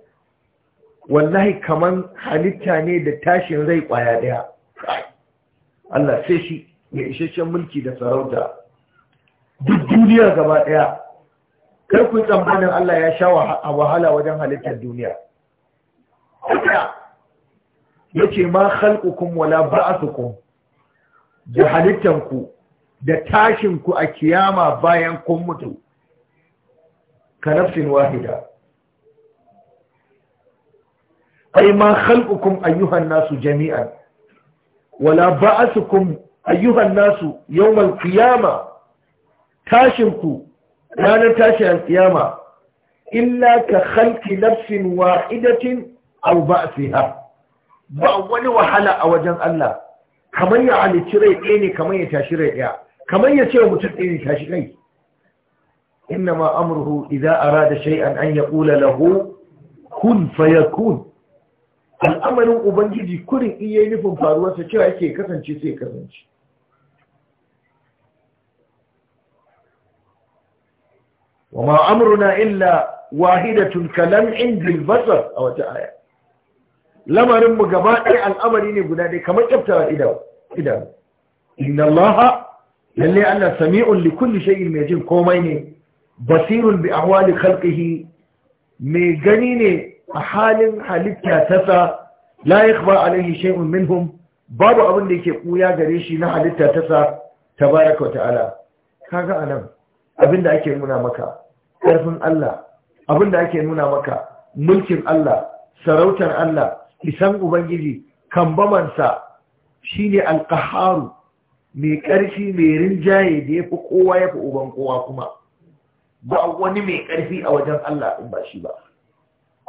S1: wallahi kaman halitta ne da tashin rai kwaya ɗaya? Allah sai shi ya isasshen mulki da sarauta duk duniya gaba ɗaya. kar ku tsammanin Allah ya sha wahala wajen halittar duniya Ya ce ma khalqukum wala ba'asukun da halittanku da tashinku a kiyama bayan kun mutu ka nafsin wahida ai ma khalqukum ayyuhan nasu jami'an wala ba'asukum ayyuhan nasu yawmal qiyama tashinku ranar tashi alqiyama illa ka khalqi nafsin wahidatin aw ba wani wahala a wajen Allah kamar ya halicci rai ɗaya ne kamar ya tashi rai ɗaya kamar ya ce wa mutum ɗaya ne tashi kai إنما أمره إذا أراد شيئا أن يقول له كن فيكون al'amarin ubangiji kurin iya nufin faruwarsa kira yake kasance sai kasance wa ma amruna illa wahidatun kalam indil basar a wata aya lamarin mu gaba ɗaya al'amari ne guda ɗaya kamar tsaftawa idanu inna allaha lalle Allah sami'un li kulli shay'in mai jin komai ne basirun bi ahwali khalqihi mai gani ne a halin halitta tasa la yakhfa alaihi shay'un minhum babu abin da yake kuya gare shi na halitta tasa tabaraka ta'ala kaga anan abin da ake nuna maka karfin Allah abin da ake nuna maka mulkin Allah sarautar Allah isan ubangiji kambamansa shine alƙaharu, mai ƙarfi mai rinjaye da ya fi kowa yafi fi uban kowa kuma ba wani mai ƙarfi a wajen Allah in ba shi ba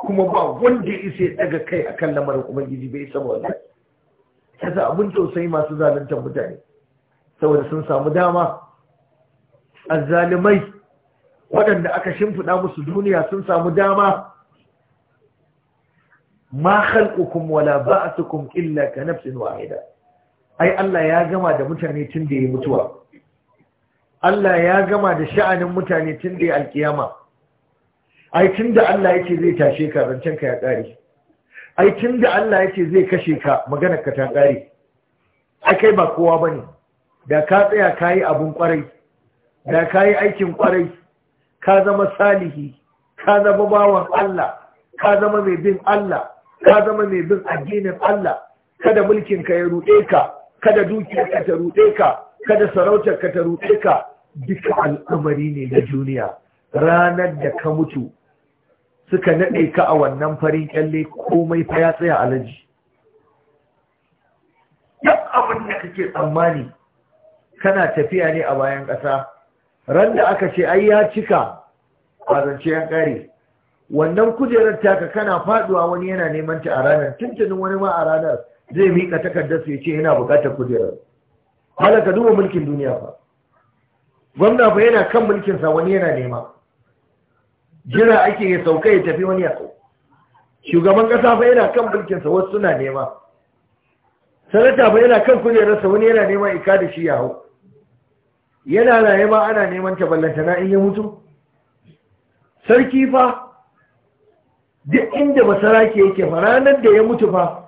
S1: kuma ba wanda isa ya daga kai akan lamarin ubangiji bai isa wallahi Yasa abin tausayi masu zaluntar mutane saboda sun samu dama azzalimai waɗanda aka shimfiɗa musu duniya sun samu dama ma khalqukum wala ba'thukum illa ka nafsin wahida ai Allah ya gama da mutane tun da ya mutuwa Allah ya gama da sha'anin mutane tun da ya alkiyama ai tun da Allah yake zai tashe ka rancen ka ya ƙare ai tun da Allah yake zai kashe ka maganar ka ta ƙare ai kai ba kowa bane da ka tsaya ka yi abun ƙwarai da ka yi aikin ƙwarai ka zama salihi ka zama bawan Allah ka zama mai bin Allah ka zama mai bin addinin Allah kada mulkin ka ya ruɗe ka kada ka ta ruɗe ka kada ka ta ruɗe ka duka al'amari ne na duniya ranar da ka mutu suka naɗe ka a wannan farin kyalle komai fa ya tsaya alaji Yan abin da kake tsammani kana tafiya ne a bayan ƙasa ran da aka ce ai ya cika a zance ya ƙare wannan kujerar taka kana faduwa wani yana neman ta a ranar tuntunin wani ma a ranar zai miƙa takardar su ya ce yana buƙatar kujerar halaka duba mulkin duniya fa gwamna fa yana kan mulkinsa wani yana nema jira ake ya sauka ya tafi wani ya sau shugaban ƙasa fa yana kan mulkinsa wasu suna nema sanata fa yana kan kujerarsa wani yana nema ika da shi ya hau yana raye ma ana neman ta ballantana in ya mutu sarki fa duk inda masaraki yake fa ranar da ya mutu fa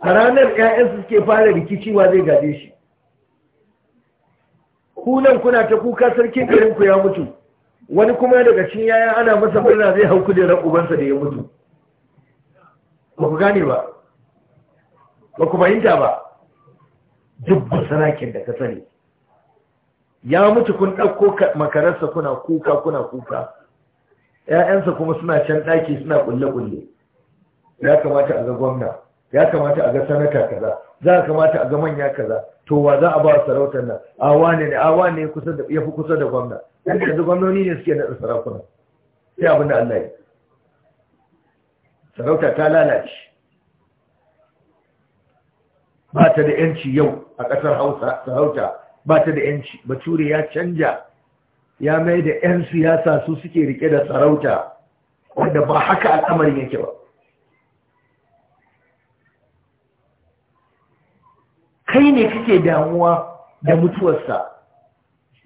S1: a ranar ƴaƴansu suke fara rikici wa zai gaje shi kunan kuna ta kuka sarkin garinku ya mutu wani kuma daga cikin yaya ana masa murna zai hau kujerar ubansa da ya mutu ba ku gane ba ba ku fahimta ba duk basarakin da ka sani ya mutu kun ɗauko makararsa kuna kuka kuna kuka ‘ya'yansa kuma suna can ɗaki suna ƙulle-ƙulle ya kamata a ga gwamna ya kamata a ga sanata kaza za a kamata a ga manya kaza to wa za a ba sarautar nan a wane ne a wane ya fi kusa da gwamna yan yanzu gwamnoni ne suke naɗa sarakuna sai abin da Allah ya sarauta ta lalace ba ta da yanci yau a ƙasar hausa sarauta ba ta da yanci bature ya canja ya mai da yan siyasa su suke rike da sarauta wanda ba haka al'amarin yake ba kai ne kake damuwa da mutuwarsa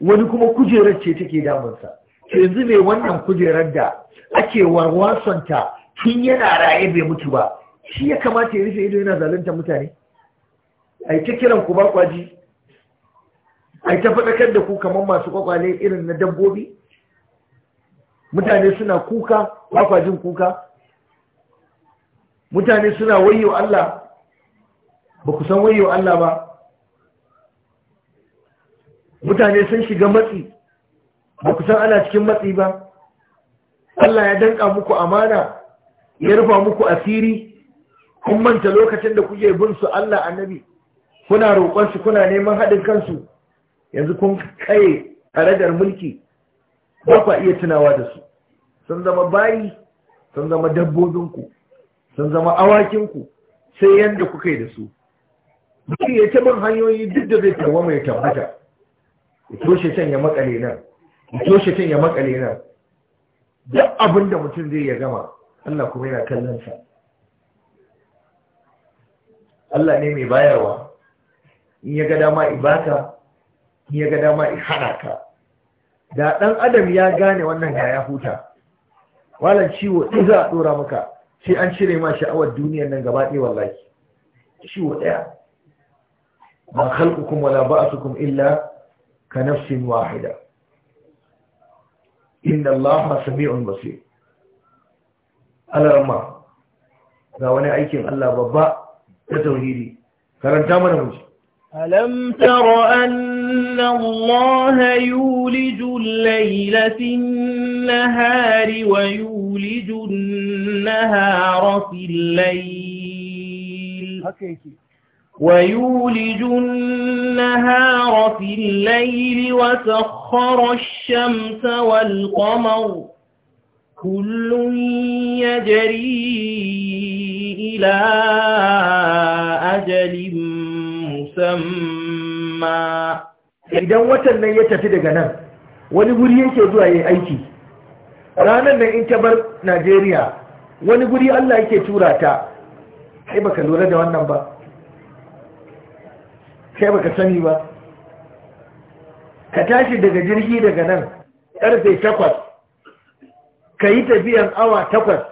S1: wani kuma kujerar ce take damunsa ke yanzu mai wannan kujerar da ake warwasonta tun yana raye bai mutu ba shi ya kamata ya rufe ido yana zalunta mutane yi ta kiran ku bakwaji kwaji yi ta faɗakar da ku kamar masu kwakwale irin na dabbobi mutane suna kuka ba kuka mutane suna wayo Allah ba ku san wayewa Allah ba mutane sun shiga matsi ba ku san ana cikin matsi ba Allah ya danka muku amana ya rufa muku asiri kun manta lokacin da kuke bin su Allah annabi kuna roƙon su kuna neman haɗin kansu yanzu kun kai radar mulki ba ku iya tunawa da su sun zama bayi sun zama dabbobinku sun zama awakinku sai yanda kuka yi da su mutum ya ta bin hanyoyi duk da zai tarwa mai tabbata ya toshe can ya makale nan ya toshe can ya makale nan duk abin da mutum zai ya gama Allah kuma yana kallon sa Allah ne mai bayarwa in ya ga dama ibaka in ya ga dama hana ka da ɗan adam ya gane wannan ya ya huta walan ciwo ɗin za a ɗora maka sai an cire ma sha'awar duniyar nan gaba ɗaya wallahi ciwo ɗaya ما خلقكم ولا بعثكم illa كنفس nafsin إن الله سميع بصير على رمى ga wani aikin Allah babba ta tauhidi karanta mana mu
S2: alam anna allaha yuliju al-layla fi an-nahari wa yuliju an-nahara ويولج النهار في الليل وسخر الشمس والقمر كل يجري إلى أجل مسمى
S1: idan watan nan ya tafi daga nan wani guri yake zuwa yin aiki ranar nan in ta bar najeriya wani guri allah yake tura ta sai baka lura da wannan ba kai baka sani ba ka tashi daga jirgi daga nan karfe takwas ka yi tafiyan awa takwas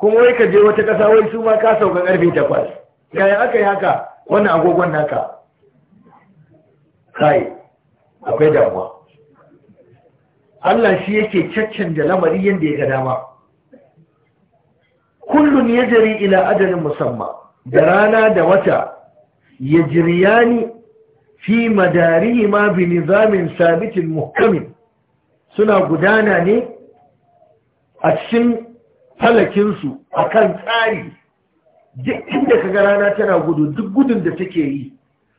S1: kuma wai ka je wata ƙasa wai su ma ka sauka karfe takwas yaya aka yi haka wannan agogon naka kai akwai damuwa Allah shi yake caccan da lamari yadda ya ga dama Kullum ya jari ila adadin musamman da rana da wata yajriyani fi ma bi nizamin sabitin muhkamin suna gudana ne a cikin falakinsu a kan tsari duk inda kaga rana tana gudu duk gudun da take yi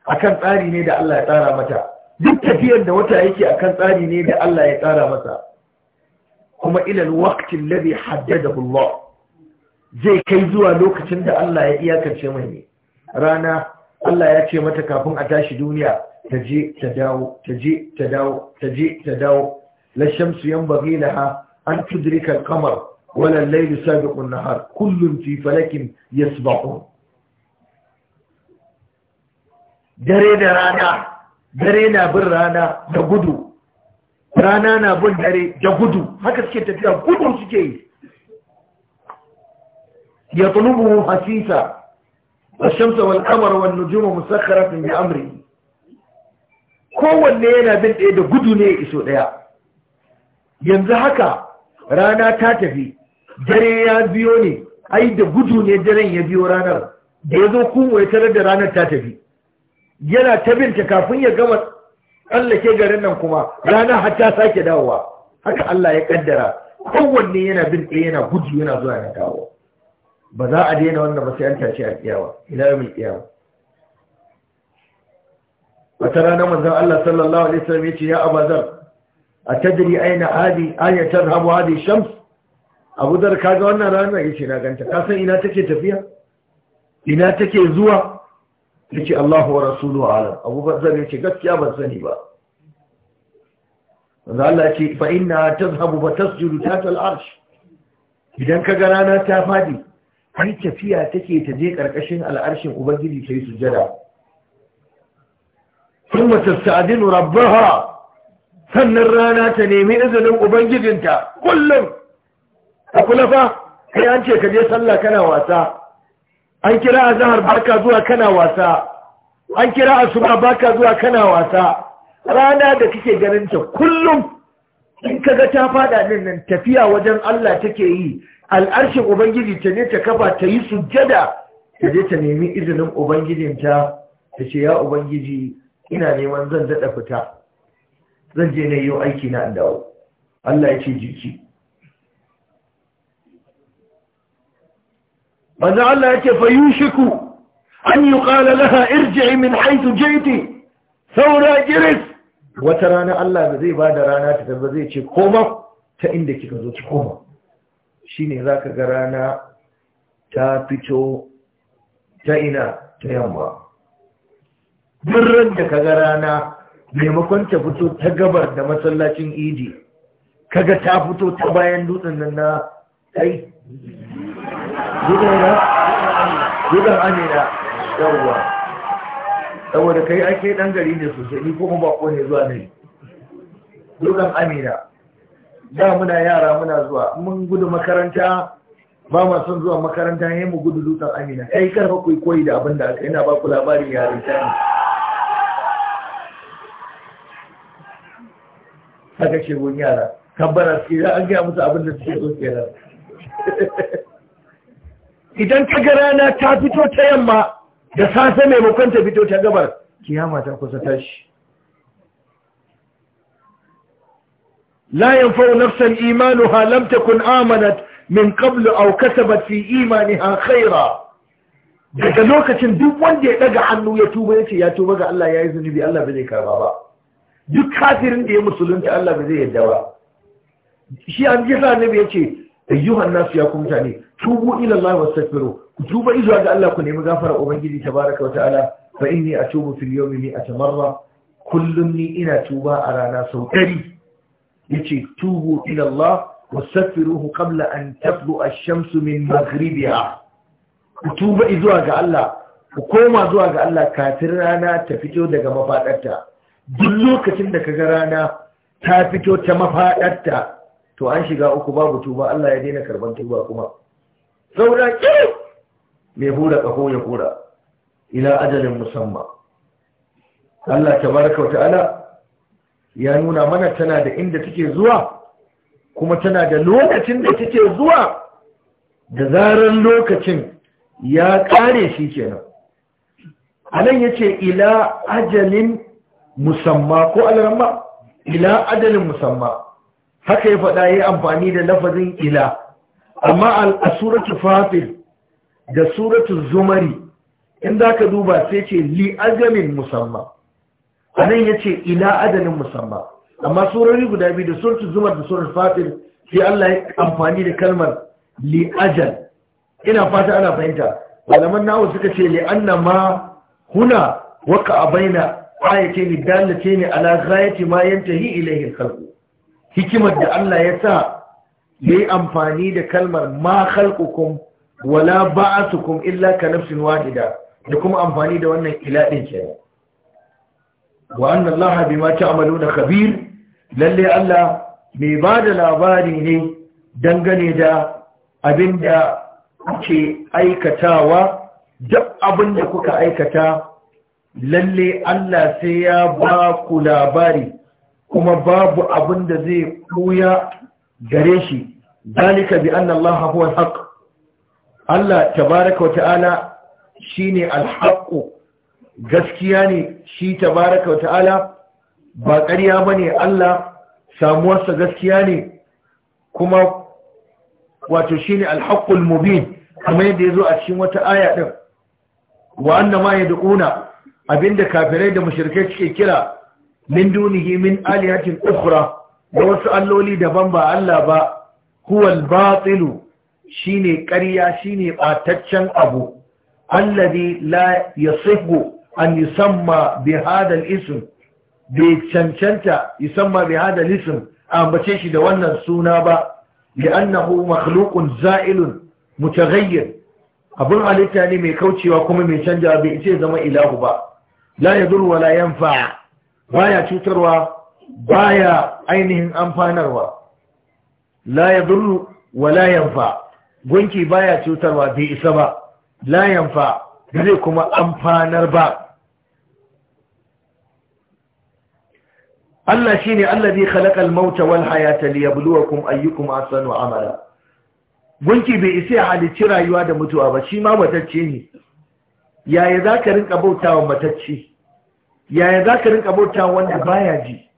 S1: a kan tsari ne da Allah ya tsara mata duk tafiyar da wata yake a kan tsari ne da Allah ya tsara mata, kuma ilal waqtin ladhi haddadahu Allah zai kai zuwa lokacin da Allah ya iyakance mai rana Allah ya ce mata kafin a tashi duniya ta je ta dawo ta je ta dawo ta je ta dawo la shamsu yanbaghi laha an tudrika al-qamar wala al-laylu sabiqu an-nahar kullun fi falakin yasbahun dare da rana dare na bin rana da gudu rana na bin dare da gudu haka suke tafiya gudu suke yi ya tulubu hasisa والشمس والقمر والنجوم مسخرات بأمره kowanne yana bin ɗaya da gudu ne iso ɗaya yanzu haka rana ta tafi dare ya biyo ne ai da gudu ne daren ya biyo ranar da ya zo kuma ya tarar da ranar ta tafi yana ta binta kafin ya gama tsallake garin nan kuma Ranar har ta sake dawowa haka Allah ya ƙaddara. kowanne yana bin ɗaya yana gudu yana zuwa yana dawo. ba za a daina wannan ba sai an tashi a kiyawa ila yau mai kiyawa a rana manzan Allah sallallahu alaihi wasallam ya ce ya abazar a tajiri aina hadi ta habu hadi shams abu ka ga wannan rana ya ce na ganta ka san ina take tafiya ina take zuwa ya ce Allahu wa rasulu alam abu bazar ya ce gaskiya ban sani ba manzan Allah ya ce fa inna tazhabu fa tasjudu tahta al-arsh idan ga rana ta fadi ai tafiya take ta je ƙarƙashin al'arshin ubangiji ta yi sujjada sun sa'adin rabbaha sannan rana ta nemi izinin ubangijinta kullum a kula fa kai an ce ka je sallah kana wasa an kira a zahar baka zuwa kana wasa an kira a suna baka zuwa kana wasa rana da kake ganin ta kullum in kaga ta faɗa nan tafiya wajen Allah take yi al'arshin ubangiji ta ne ta kafa ta yi sujjada ta je ta nemi izinin ubangijinta ta ce ya ubangiji ina neman zan daɗa fita zan je na yi aiki na dawo Allah ya ce jiki manzo Allah ya ce fa an yuqala laha irji'i min haythu jayti saura giris. wata rana Allah ba zai bada rana ta ba zai ce koma ta inda kika zo ki koma shine za ka ga rana ta fito ta ina ta yamma birran da ka ga rana maimakon ta fito ta gabar da masallacin idi kaga ta fito ta bayan dutsen nan na kai dutsen amina yawwa saboda kai ake dan gari ne sosai ni kuma ko ne zuwa ne dutsen amina da muna yara muna zuwa mun gudu makaranta ba ma son zuwa makaranta ne mu gudu dutsen amina kai karfa ku koyi da abin da aka yana ba ku labarin yaran ta haka ce gun yara tabbara suke da an gaya musu abin da suke so kenan idan ta ga rana ta fito ta yamma da safe maimakon ta fito ta gabar kiyama ta kusa tashi لا ينفع نفسا إيمانها لم تكن آمنت من قبل أو كسبت في إيمانها خيرا daga lokacin duk wanda ya daga hannu ya tuba ya ce ya tuba ga Allah ya yi zunubi Allah ba zai karba ba duk kafirin da ya musulunta Allah ba zai yadda ba shi an ji sa annabi ya ce ayyuhan nasu ya kuma mutane tubu ila Allah wastaghfiru ku tuba izuwa ga Allah ku nemi gafara ubangiji tabaraka wa ta'ala fa inni atubu fil yawmi mi'ata marra kullum ni ina tuba a rana sau ɗari yace tubu ila Allah wastaghfiruhu qabla an tabdu ash-shamsu min maghribiha ku tuba zuwa ga Allah ku koma zuwa ga Allah kafin rana ta fito daga mafadarta duk lokacin da kaga rana ta fito ta mafadarta to an shiga uku babu tuba Allah ya daina karban tuba kuma saura ki mai hura kaho ya hura ila ajalin musamman Allah tabaraka wa ta'ala ya nuna mana tana da inda take zuwa kuma tana da lokacin da take zuwa da zarar lokacin ya kare shi kenan anan yace ila ajalin musamma ko alramma ila ajalin musamma haka ya faɗa yi amfani da lafazin ila amma al'asuratu fatir da suratu zumari in za ka duba sai ce li ajalin musamma a nan ya ce ila adadin musamman amma surori guda biyu da surat zumar da surat fatir sai Allah ya amfani da kalmar li ajal ina fata ana fahimta malaman nawo suka ce li anna ma huna waka a baina ayace ni dallace ne ala ghayati ma yantahi ilayhi al hikimar da Allah ya sa yayi amfani da kalmar ma khalqukum wala ba'athukum illa ka nafsin wahida da kuma amfani da wannan ila din kenan wa anna allaha bima ta'maluna Kabir. lalle allah mai ba da labari ne dangane da abin da kuke aikatawa duk abin da kuka aikata lalle Allah sai ya ba ku labari kuma babu abin da zai kuya gare shi zalika bi anna Allah huwa al-haq Allah tabaaraka wa ta'ala shine al-haqq gaskiya ne shi tabaraka ta'ala ba ƙarya ba ne Allah samuwarsa gaskiya ne kuma wato shi ne alhaƙul mubin kuma yadda ya zo a cikin wata aya ɗin wa ma ya duƙuna abinda kafirai da mashirkai suke kira min dunihi min alihatin ukura da wasu alloli daban ba Allah ba huwal batilu shine ƙarya shine ɓataccen abu allazi la sifu. an yusamma bai cancanta yusamma bi hadal ism ambace shi da wannan suna ba li'annahu makhluqun za'ilun mutaghayyir Abin halitta ne mai kaucewa kuma mai canja bai ita zama ilahu ba la yadur wa la yanfa baya cutarwa baya ainihin amfanarwa la yadur wa la yanfa gunki baya cutarwa bai isa ba la yanfa da zai kuma amfanar ba Allah shine zai khalaqal mauta wal hayata liyabluwakum ayyukum Asanu amala gunki bai isa ya halicci rayuwa da mutuwa ba shi ma matacce ne yaya ka rinka bautawa matacce yaya ka rinka bautawa wanda baya ji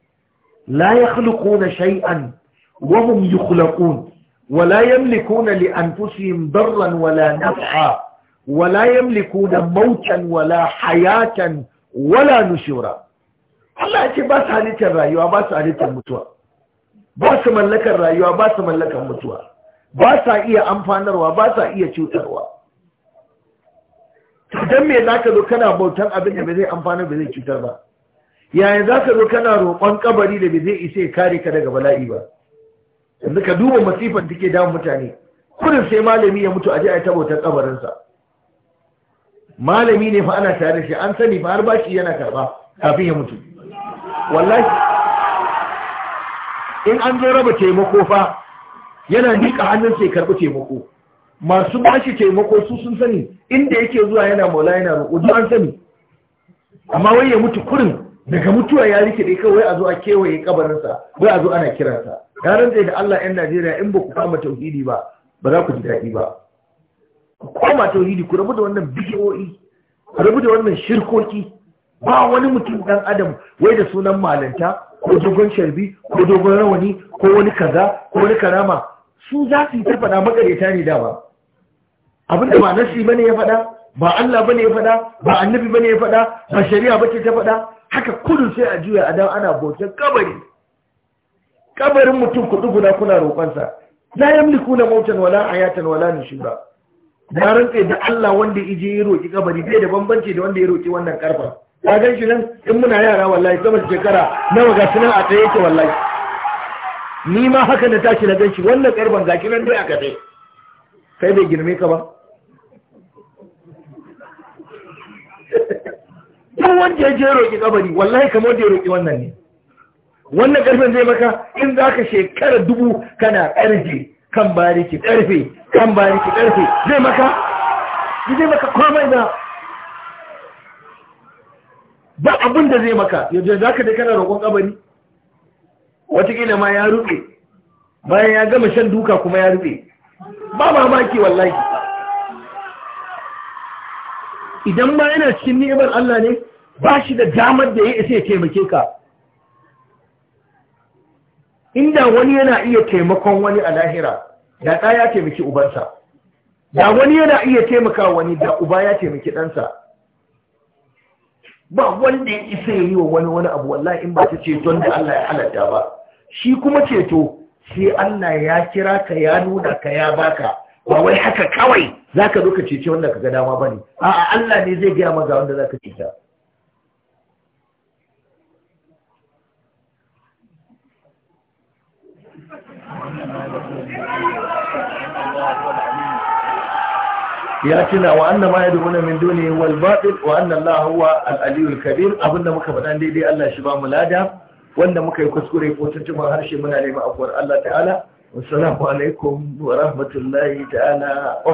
S1: la na shay'an wahum yi yukhluqun wa la yamlikuna li anfusihim darran wala naf'a ولا يملكون mautan wala hayatan wala نشورا
S2: Allah ya ce ba su
S1: halittar rayuwa ba su halittar mutuwa ba su mallakar rayuwa ba su mallakar mutuwa ba sa iya amfanarwa ba sa iya cutarwa don me za ka zo kana bautan abin da ba zai amfana ba zai cutar ba yayin za ka zo kana roƙon kabari da ba zai isa kare ka daga bala'i ba yanzu ka duba masifan take damun mutane kudin sai malami ya mutu a je a ta bautar kabarinsa malami ne fa ana tare shi an sani fa har bashi yana karba kafin ya mutu wallahi in an zo raba taimako fa yana nika hannun sai karbi taimako masu bashi taimako su sun sani inda yake zuwa yana maula yana roƙo duk an sani amma wai ya mutu kurin daga mutuwa ya rike dai kawai a zo a kewaye kabarinsa wai a zo ana kiransa ya rantsa da Allah 'yan Najeriya in ba ku kama tauhidi ba ba za ku ji daɗi ba ku koma tauhidi ku rabu da wannan bidiyoyi ku rabu da wannan shirkoki ba wani mutum dan adam wai da sunan malanta ko dogon sharbi ko dogon rawani ko wani kaza ko wani karama su za su yi ta faɗa makareta ne dama abinda ba nasi bane ya faɗa ba Allah bane ya faɗa ba annabi bane ya faɗa ba shari'a ba bace ta faɗa haka kudu sai a juya a dan ana bautar kabari kabarin mutum kudu guda kuna roƙonsa la yamliku na mautan wala ayatan wala nushura na rantse da Allah wanda ije ya roki kabari bai da bambanci da wanda ya roki wannan karfa ka gan shi nan in muna yara wallahi sama da shekara na ga sunan a tsaye yake wallahi ni ma haka na tashi na gan shi wannan karfan ga nan dai aka tsaye kai bai girme ka ba duk wanda ya je roƙi kabari wallahi kamar da ya roƙi wannan ne wannan ƙarfin zai maka in za ka shekara dubu kana ƙarfe kan ki karfe kan ki karfe zai maka zai maka komai da ba abin da zai maka yadda za ka da kana roƙon kabari watakila ma ya rufe bayan ya gama shan duka kuma ya rufe ba mamaki wallahi idan ma yana cikin ni'imar Allah ne ba shi da damar da ya isa ya taimake ka inda wani yana iya taimakon wani a lahira da ɗa ya taimaki ubansa da wani yana iya taimaka wani da uba ya taimaki ɗansa ba wanda ya isa ya yi wa wani wani abu wallahi in ba ta ceton da Allah ya halatta ba shi kuma ceto sai Allah ya kira ka ya nuna ka ya baka ba wai haka kawai zaka zo ka cece wanda ka ga dama ba ne. a'a Allah ne zai gaya maka wanda zaka cita. ya tuna wa annan ma ya dubuna min duni wal batil wa annan Allah huwa al-aliyul kabir abinda muka faɗa daidai Allah shi ba mu lada wanda muka yi kuskure ko tuntuban harshe muna neman abuwar Allah ta'ala wassalamu alaikum wa rahmatullahi ta'ala